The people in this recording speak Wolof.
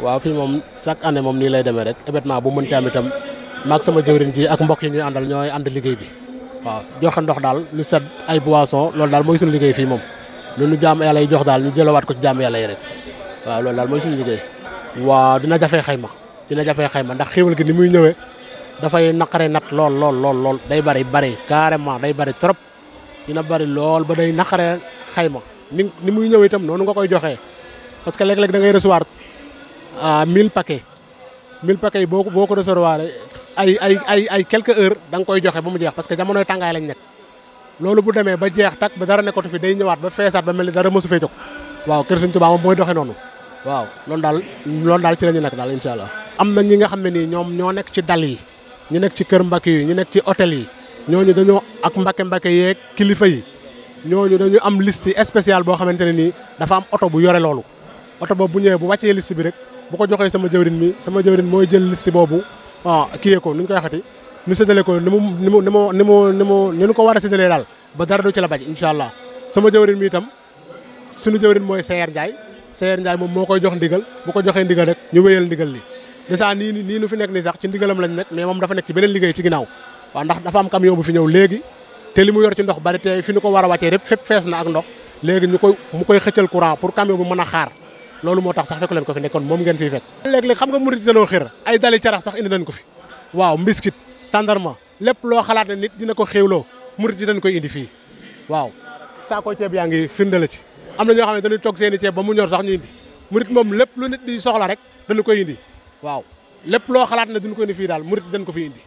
waaw fii moom chaque année moom nii lay demee rek événement bu mënti am itam maag sama jëwriñ ji ak mbokk yi ñuy àndal ñooy ànd liggéey bi waaw joxe ndox daal lu set ay boisson loolu daal mooy suñu liggéey fii moom lu ñu jaam yàlla jox daal ñu jëlawaat ko ci jaam rek waaw loolu daal mooy suñu liggéey waaw dina jafee xayma dina jafee xayma ndax xéewal gi ni muy ñëwee dafay naqare nat lool lool lool lool day bari bari carrément day bari trop dina bari lool ba day naqare xayma ni ni muy ñëwee itam noonu nga koy joxe parce que léeg-léeg da ngay 1000 paquets 1000 paquets yi boo ko boo ko recevoir ay ay ay ay quelques heures da nga koy joxe ba mu jeex parce que jamonoy tàngaay lañ nekk loolu bu demee ba jeex tak ba dara nekkatu fi day ñëwaat ba feesaat ba mel ni dara mosu fee jóg waaw kër Sëñ Tuubaa moom mooy doxee noonu waaw loolu daal loolu daal ci la ñu nekk daal incha allah. am na ñi nga xam ne nii ñoom ñoo nekk ci dal yi ñu nekk ci kër mbakk yi ñu nekk ci hôtel yi ñooñu dañoo ak mbake mbake yeeg kilifa yi ñooñu dañu am liste spéciale boo xamante ne nii dafa am oto bu yore loolu. oto boobu bu ñëwee bu wàccee liste bi rek bu ko joxee sama jëwrin mi sama jëwrin mooy jël liste boobu ah kiyee ko nu ñu koy waxati ñu séddale ko ni mu ni mu ni mu ni ko war a séddalee daal ba dara du ci la baj incha allah sama jëwrin mi itam suñu jëwrin mooy Seyer Ndiaye Seyer Ndiaye koy jox ndigal bu ko joxee ndigal rek ñu wéyal ndigal li dèjà nii nii nu fi nekk nii sax ci ndigalam lañ nekk mais moom dafa nekk ci beneen liggéey ci ginnaaw waaw ndax dafa am camion bu fi ñëw léegi te li mu yor ci ndox ko war a wàccee rek fépp fees na ak koy mu koy xëccal courant pour camion bu mën a xaar loolu moo tax sax fekk leen ko fi nekkoon moom ngeen fiy fekk léeg-léeg xam nga murit dañoo xër ay dali carax sax indi nañ ko fi waaw mbiskit tàndarma lépp loo xalaat ne nit dina ko xéewloo murit yi dañ koy indi fii waaw saako ceeb yaa ngi firndale ci am na ñoo xam ne toog seeni ceeb ba mu ñor sax ñu indi murit moom lépp lu nit di soxla rek dañu koy indi waaw lépp loo xalaat ne duñ ko indi fii daal murit dañ ko fi indi